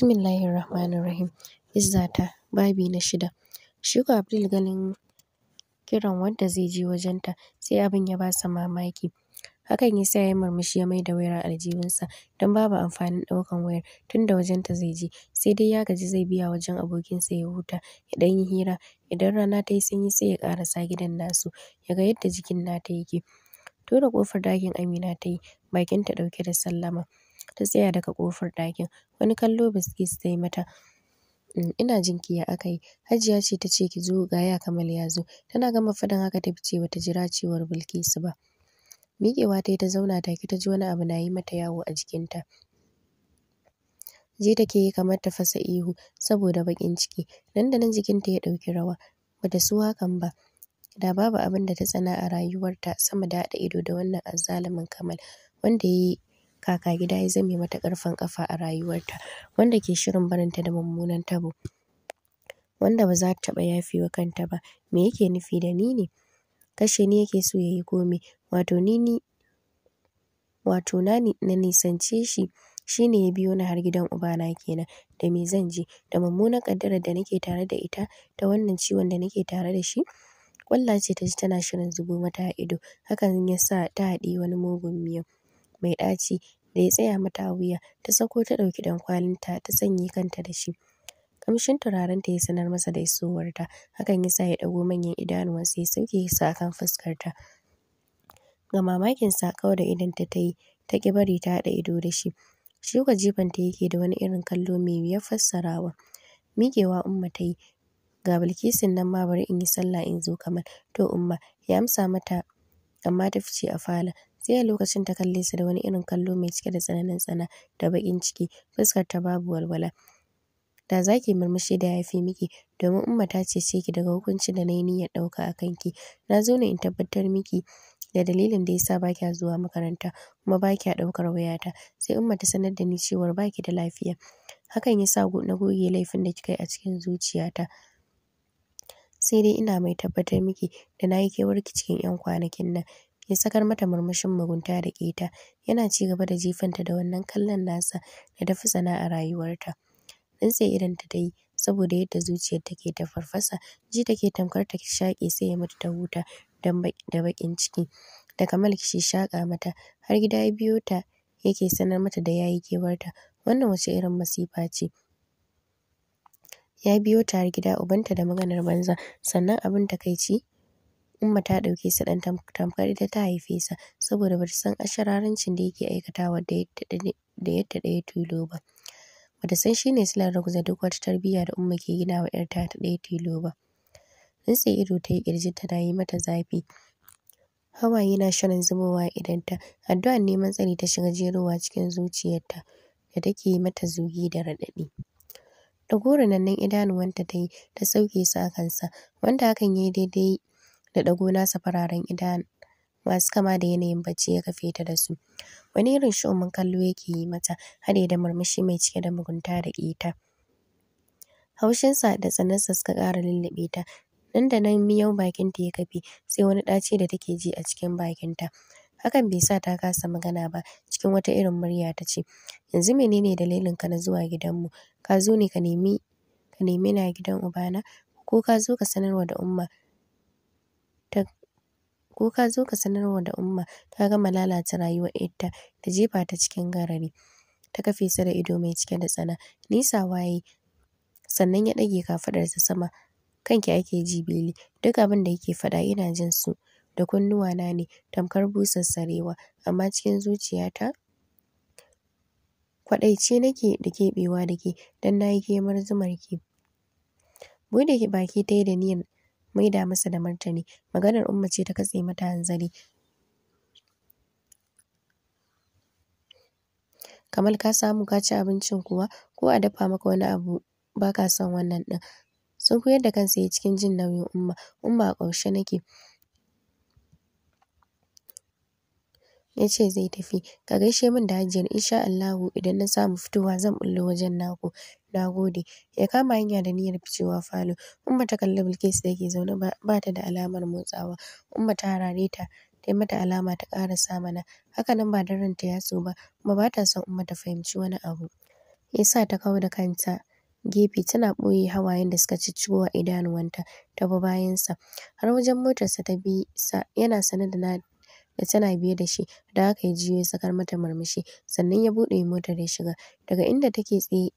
Bismillahir Rahmanir Rahim. Izzata babi na shida. Shuka Abdul ganin kiran wanda zai je wajenta sai abin ya basa mamaki. Hakan ya sa ya murmushi ya maida wayar aljihunsa don babu amfanin ɗaukan wayar Tun da wajenta zai je sai dai ya gaji zai biya wajen abokinsa ya huta Idan yi hira idan rana ta yi sanyi sai ya ƙarasa gidan nasu ya ga yadda jikin nata yake. Tura ƙofar ɗakin Amina ta yi bakinta ɗauke da sallama. ta tsaya daga ƙofar ɗakin wani kallo su ta yi mata mm, ina jin ki ya aka yi Hajiya ce ta ce ki zo ga ya Kamal ya zo tana gama faɗin haka ta fice ta jira cewar Bilkisu ba miƙewa ta yi ta zauna take ta ji wani abu na yi mata yawo a jikinta ta take yi kamar ta fasa ihu saboda baƙin ciki nan da nan jikinta ya ɗauki rawa bata su hakan ba da babu abin da ta tsana a rayuwarta sama da haɗa ido da wannan azzalumin Kamal wanda ya yi kaka gida ya zame mata ƙarfin ƙafa a rayuwarta wanda ke shirin barinta da mummunan tabo wanda ba za ta taɓa yafewa kanta ba me yake nufi da ni ne kashe ni yake so yayi yi komai wato ni ni wato na na nisance shi shine ya biyo ni har gidan ubana kenan da me zan je da mummunan ƙaddarar da nake tare da ita ta wannan ciwon da nake tare da shi ƙwalla ta ji tana shirin zubo mata a ido hakan ya sa ta haɗi wani mugun miyau mai ɗaci da ya tsaya mata a wuya ta sako ta ɗauki ɗankwalinta ta sanye kanta da shi. Kamshin turarenta ya sanar masa da isowarta, hakan ya sa ya ɗago manyan idanuwansa ya sauke su a kan fuskarta. Ga sa kawai da idan ta yi, ta ƙi bari ta haɗa ido da shi. Shi jifan ta yake da wani irin kallo mai wuyar fassarawa. Miƙewa Umma ta yi, ga bilkisin nan ma bari in yi sallah in zo kamar, to Umma ya amsa mata amma ta fice a falon sai a lokacin ta kalle su da wani irin kallo mai cike da tsananin tsana da bakin ciki fuskar ta babu walwala da zaki murmushi da yafi miki domin umma ta ce ki daga hukuncin da na yi niyyar ɗauka a kanki na zo ne in tabbatar miki da dalilin da yasa ba kya zuwa makaranta kuma ba kya ɗaukar wayata sai umma ta sanar da ni cewa baki da lafiya hakan yasa na goge laifin da kika yi a cikin zuciyata sai dai ina mai tabbatar miki da na yi kewarki cikin 'yan kwanakin nan ya sakar mata murmushin mugunta da keta yana ci gaba da jifanta da wannan kallon nasa da tafi sana a rayuwarta in sai irin ta yi saboda yadda zuciyar take ta farfasa ji take tamkar ta shaƙe sai ya mutu ta huta da baƙin ciki da kamal shi shaƙa mata har gida ya biyo ta yake sanar mata da yayi kewarta wannan wace irin masifa ce ya biyo ta har gida ubanta da maganar banza sannan abin takaici Umma ta ɗauke su ɗan tamkar ita ta haife sa saboda bata san ashararancin da yake aikatawa da yadda ɗaya tilo ba. Bata san shine silar ruguza duk wata tarbiyya da Umma ke gina wa ‘yarta ta ɗaya tilo ba. Rintse ido ta yi ƙirjinta na yi mata zafi. Hawaye na shirin zubowa a ta. Addu'ar neman tsari ta shiga jerowa cikin zuciyarta da take mata zugi da raɗaɗi. nan rinannen idanuwanta ta yi ta sauke su a kansa wanda hakan ya yi daidai da ɗago nasa fararen idan. masu kama da yanayin bacci ya kafe ta da su. Wani irin shomin kallo yake yi mata haɗe da murmushi mai cike da mugunta da ƙeta. Haushinsa da tsanansa suka ƙara lullube ta nan da nan miyau bakinta ya kafe sai wani ɗaci da take ji a cikin bakinta. Hakan bai sa ta kasa magana ba cikin wata irin murya ta ce yanzu menene dalilin ka na zuwa gidanmu ka zo ne ka nemi ka nemi na gidan ubana ko ka zo ka sanarwa da umma ko ka zo ka sanarwa da umma ta gama lalata rayuwar ita da jefa ta cikin garari. Ta kafe sa da ido mai cike da tsana. nisa waye? sannan ya ɗage kafaɗarsa sama. Kanki ake ji Bili, duk abin da yake faɗa ina jin su da na ne tamkar busar sarewa amma cikin zuciyata kwaɗaice nake da keɓewa da ke don na yi kemar ki. Buɗe baki ta yi da niyyar maida masa da martani maganar umma ce ta katse mata hanzari kamar ka samu ka ci abincin kuwa ko a dafa maka wani abu ba ka son wannan ɗin. Sun koyar da kansa ya cikin jin nauyin umma, umma a ƙaushe nake. Ya ce zai tafi, ka gaishe min da hajiyar insha Allahu idan na samu fitowa zan bullo wajen naku. na gode. Ya kama hanya da niyyar ficewa falo. Umma ta kalli Bilkisu da ke zaune ba ta da alamar motsawa. Umma ta harare ta, ta mata alama ta kara samana hakanan ba daren ta ya so ba, kuma ba ta son Umma ta fahimci wani abu. Ya sa ta kawo da kanta gefe tana ɓoye hawayen da suka ciwo a idanuwanta ta bi bayansa. Har wajen motarsa ta bi sa yana sane da na da tana biye da shi da haka ya jiyo ya sakar mata murmushi sannan ya buɗe motar ya shiga daga inda take tsaye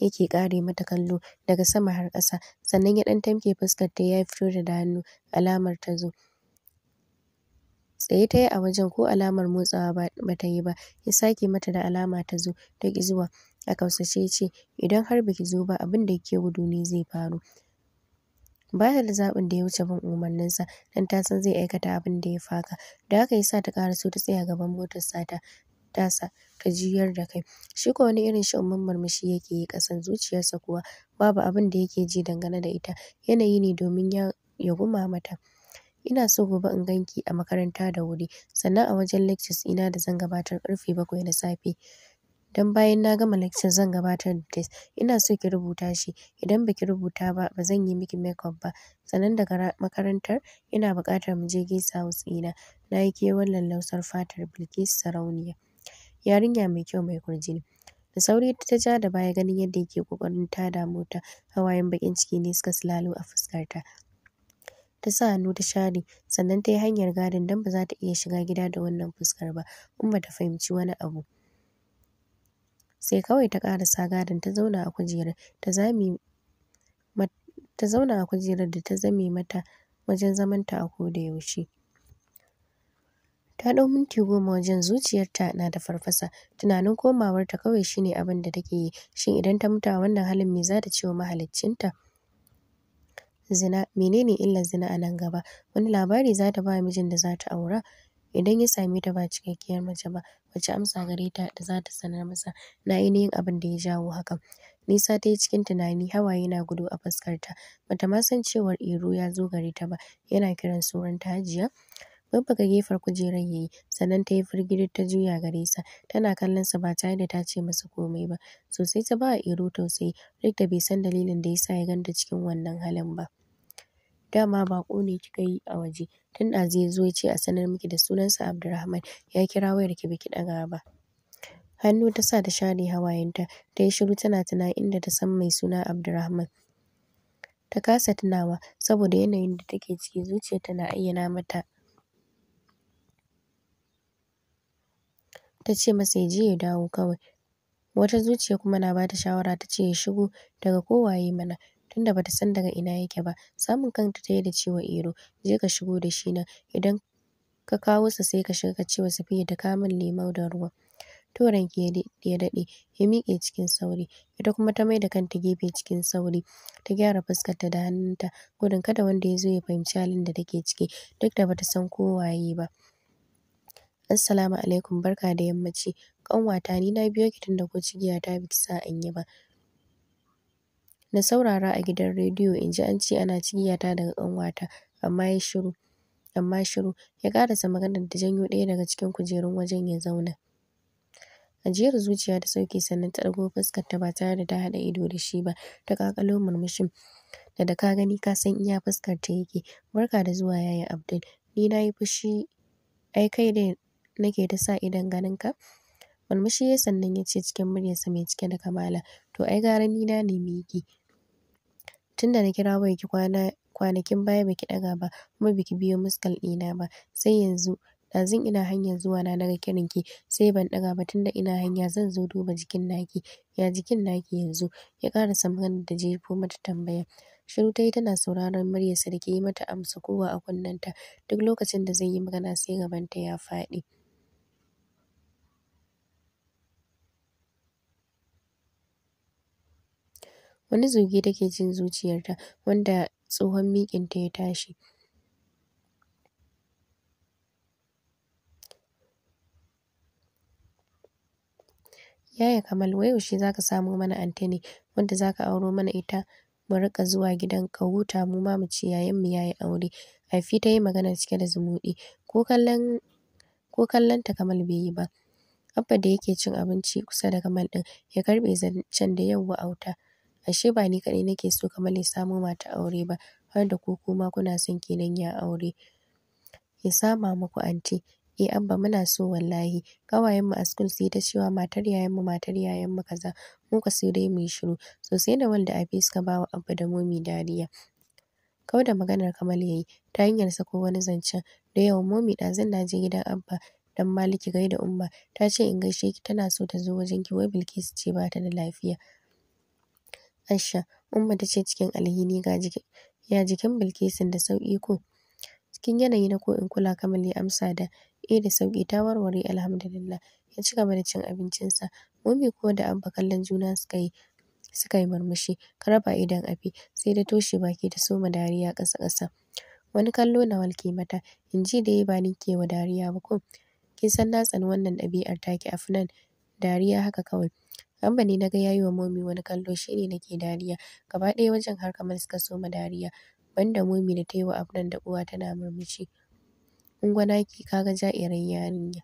yake kare mata kallo daga sama har ƙasa sannan ya ɗan tamke ta ya fito da hannu alamar ta zo tsaye ta yi a wajen ko alamar motsawa ba ta yi ba ya sake mata da alama ta zo ta ki zuwa a kausace ce idan har baki zo ba abin da ke gudu ne zai faru baya da zaɓin da ya wuce bin umarninsa dan ta san zai aikata abin da ya faka da haka ya sa ta ƙara so ta tsaya gaban motar sata tasa gajiyar juyar da kai. Shi ko wani irin shan murmushi yake yi kasan zuciyarsa kuwa babu abin da yake ji dangane da ita. Yanayi ne domin ya, ya guma mata. Ina so gobe in ganki a makaranta da wuri sannan a wajen lectures ina da zan gabatar karfe bakwai na safe. Dan bayan na gama lecture zan gabatar da test. Ina so ki rubuta shi. Idan baki rubuta ba ba zan yi miki makeup ba. Sannan daga makarantar ina bukatar mu je guest house ɗina. Na yi kewan lallausar fatar Bilkisu Sarauniya. yarinya mai kyau mai ne Da sauri ta ja da baya ganin yadda yake ta damu mota hawayen bakin ciki ne suka silalo a fuskarta. ta sa hannu ta share sannan ta yi hanyar gadin don ba za ta iya shiga gida da wannan fuskar ba in ba ta fahimci wani abu sai kawai ta karasa gadin ta zauna a kujerar ta zame ta zauna a kujerar da ta zame mata wajen zamanta a koda yaushe Ta ɗau minti goma wajen zuciyarta na da farfasa, tunanin komawarta kawai shine abin da take yi, shin idan ta mutu a wannan halin me za ta ce wa mahaliccinta? Zina, Menene illa illar zina a nan gaba? Wani labari za ta ba mijin da za ta aura? Idan ya same ta ba cikakkiyar mace ba, wace amsa gare ta da za ta sanar masa na ainihin abin da ya jawo hakan? Nisa ta yi cikin tunani, hawaye na gudu a fuskarta, bata ta ma san cewar Iro ya zo gare ta ba, yana kiran sunanta Hajiya. Bubbuga gefen kujerar ya yi, sannan ta yi firgidi ta juya gare sa, tana sa ba tare da ta ce masa komai ba. Sosai ta ba Iro tausayi, duk da bai san dalilin da ya sa ya ganta cikin wannan halin ba. Dama baƙo ne kika yi a waje, tun da ya zo ya ce a sanar miki da sunansa Abdurrahman, ya kira wayar ki biki ɗaga ba. Hannu ta sa ta share hawayenta, ta yi shiru tana tunanin inda ta san mai suna Abdurrahman. Ta kasa tunawa, saboda yanayin da take ciki zuciyarta na ayyana mata ta ce masa ya je ya dawo kawai. Wata zuciya kuma na bata shawara ta ce ya shigo daga kowaye mana tunda bata san daga ina yake ba. Samun kanta ta yi da cewa ero je ka shigo da shi na idan ka kawo sa sai ka shiga ka ce wa Safiya ta kawo min lemon da ruwa. To ranki ya daɗe ya miƙe cikin sauri ita kuma ta maida kanta gefe cikin sauri ta gyara fuskarta da hannunta gudun kada wanda ya zo ya fahimci halin da take ciki duk da bata san ko waye ba. Assalamu alaikum barka da yammaci kanwata ni na biyo ki tunda ko cigiya ta baki sa yi ba. Na saurara a gidan rediyo in ji an ce ana ta daga ƙanwata amma ya shiru amma shiru ya karasa maganar da janyo ɗaya daga cikin kujerun wajen ya zauna. Ajiyar zuciya ta sauke sannan ta ɗago ta ba tare da ta haɗa ido da shi ba ta ƙaƙalo murmushin da da ka gani ka san iya fuskarta yake barka da zuwa yaya Abdul ni na yi fushi ai kai dai nake ta sa idan ganin ka? Murmushi ya sannan ya ce cikin muryarsa mai cike da kamala, to ai gara ni na ne ki. Tun da na kira ki kwana kwanakin baya baki ɗaga ba kuma baki biyo muskal ɗina ba sai yanzu ɗazun ina hanyar zuwa na daga kiran ki sai ban ɗaga ba tunda ina hanya zan zo duba jikin naki ya jikin naki yanzu ya kara maganar da jefo mata tambaya shiru tayi tana sauraron muryarsa da ke yi mata amsa kowa a kunnenta duk lokacin da zai yi magana sai ta ya faɗi Wani zugi take jin zuciyarta wanda tsohon ta ya tashi. Yaya Kamal wai yaushe za ka samo mana antene wanda za ka auro mana ita mu riƙa zuwa gidan ka huta mu ma mu ci yayin ya yi aure. fi ta yi magana cike da zumuɗi ko kallon ko kallonta Kamal bai yi ba. Abba da yake cin abinci kusa da Kamal ɗin ya karɓe zancen da yawwa auta. Ashe ba ni kaɗai nake so Kamal ya samo mata aure ba har da ku kuma kuna son ya aure. Ya sama muku anti. Eh Abba muna so wallahi. Ƙawayenmu a school sai ta cewa matar mu matar mu kaza. Mu ka sai dai mu yi shiru. Sosai sai da Abi suka bawa Abba da Momi dariya. Kau da maganar Kamal yayi ta hanyar sako wani zancen da yawa Momi ɗazun na je gidan Abba dan Maliki gaida Umma ta ce in gaishe ki tana so ta zo wajen ki wai Bilkisu ce ba ta da lafiya. Aisha, Umma ta ce cikin alhini ga jikin ya jikin bilkisin da sauki ko? Cikin yanayi na ko in kula Kamal ya amsa da eh da sauki ta warware alhamdulillah. Ya ci gaba da cin abincinsa. Momi ko da Abba kallon juna suka yi suka yi murmushi karaba idan afi sai da toshe baki da soma dariya ƙasa-ƙasa. Wani kallo na walke mata in ji da ya bani ke wa dariya ba ko? Kin san na tsani wannan ɗabi'ar taki Afnan dariya haka kawai. Abba na ga yayi wa momi wani kallo shi ne nake dariya. Gaba ɗaya wajen har kamar suka soma dariya. banda momi da ta yi wa Afnan da uwa tana murmushi. Unguwanaki ka ga ja'irar yarinya.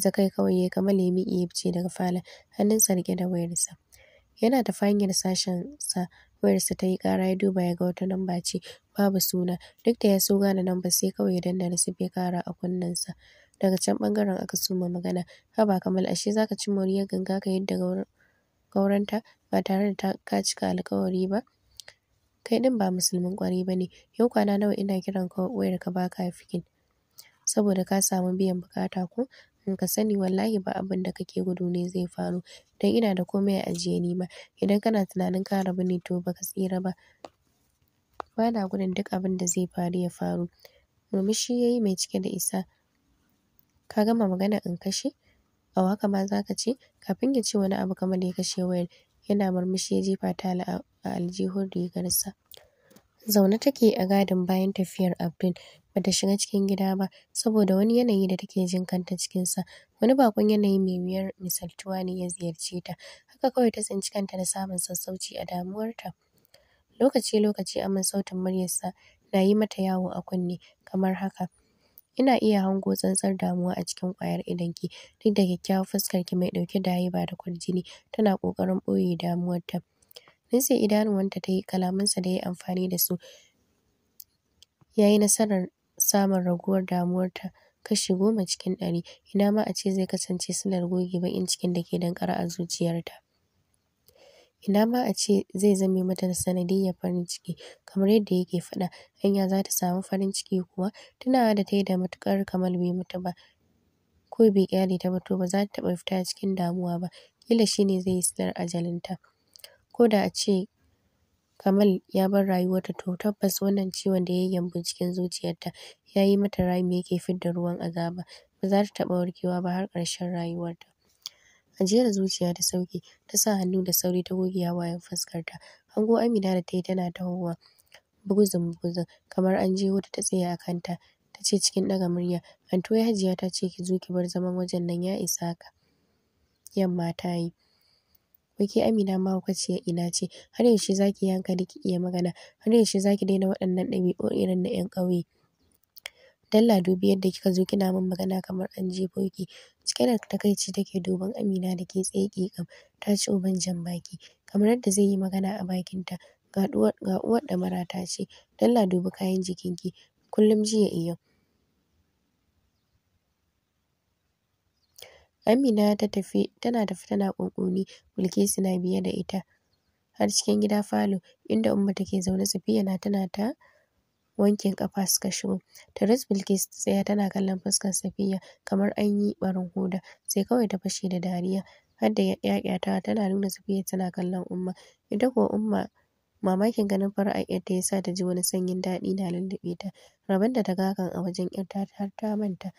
za kai kawai ya kamar Kamal ya ya fice daga falon hannunsa rike da wayarsa. Yana ta fanyar sashen sa wayarsa ta yi ƙara ya duba ya ga wata lamba ce babu suna duk da ya so gane lamba sai kawai ya danna receive ya ƙara a kunnensa. Daga can bangaren aka suma magana. ba Kamal ashe zaka ka ci moriyar ganga ka yadda gauranta ba tare da ka cika alkawari ba? Kai din ba musulmin kwari ba ne. Yau kwana nawa ina kiran ka wayarka ba ka fikin. Saboda ka samu biyan bukata ko? Ka sani wallahi ba abin da kake gudu ne zai faru. Dan ina da komai a ajiye ni ma. Idan kana tunanin ka rabu ne to ba ka tsira ba. bana gudun duk abin da zai faru ya faru. Murmushi yayi mai cike da isa. Ka gama magana in kashe? a haka ma za ka ce? Kafin ya ce wani abu kamar ya kashe wayar. Yana murmushi ya jefa ta a aljihun rigarsa. Zaune take a gadin bayan tafiyar Abdul. Bata shiga cikin gida ba saboda wani yanayi da take jin kanta sa Wani bakon yanayi mai wuyar misaltuwa ne ya ziyarce ta. Haka kawai ta tsinci kanta da samun sassauci a damuwarta. Lokaci-lokaci amon sautin muryarsa na yi mata yawo a kunne kamar haka. Ina iya hango tsantsar damuwa a cikin ƙwayar ki, duk da kyakkyawar fuskarki mai ɗauke da haiba da kwarjini tana ƙoƙarin ɓoye damuwarta. Rinse idanuwanta ta yi, kalamansa da ya yi amfani da su yayi nasarar samun raguwar damuwarta kashi goma cikin ɗari. Ina ma a ce zai kasance suna goge baƙin cikin da ke danƙare a zuciyarta. Ina ma a ce zai zame mata sanadiyyar farin ciki kamar yadda yake faɗa. hanya za ta samu farin ciki kuwa? Tunawa da ta yi da matuƙar Kamal bai mutu ba ko bai ƙyale ta ba to ba za ta taɓa fita cikin damuwa ba. Ƙila shi ne zai yi a ajalinta. Ko da a ce Kamal ya bar rayuwarta to tabbas wannan ciwon da ya yi gyambo cikin zuciyarta ya yi mata rami yake fidda ruwan azaba. Ba za ta taɓa warkewa ba har ƙarshen rayuwarta. ajiyar zuciya da sauke ta sa hannu da sauri ta goge hawayen fuskarta hango amina da ta yi tana tahowa buguzin buguzun kamar an je wata ta tsaya a kanta ta ce cikin ɗaga murya anto ya hajiya ta ce ki zo ki bar zaman wajen nan ya isa ka yamma ta yi wake amina ce ina ce har yaushe zaki yi hankali ki iya magana har yaushe zaki daina waɗannan ɗabi'o irin na 'yan ƙauye Dalla dubi yadda kika zo kina min magana kamar an jefo ki. Cike da takaici take duban Amina da ke tsaye ƙiƙam ta ci uban jan baki kamar yadda zai yi magana a bakinta. Ga uwar ɗamara ta ce, Dalla dubi kayan jikinki, kullum jiya yau. Amina ta tafi tana tafi tana ƙunƙuni, Bilkisu na biye da ita har cikin gida falo inda Umma take zaune Safiya na tana ta wankin ƙafa suka shigo. Taris Bilkis ta tsaya tana kallon fuskar Safiya kamar an yi barin hoda sai kawai ta fashe da dariya har da tana nuna Safiya tana kallon Umma. Ita kuwa Umma mamakin ganin fara'ar ‘yarta ya sa ta ji wani sanyin daɗi na lullube ta. Rabon da ta ga hakan a wajen ‘yarta har ta manta.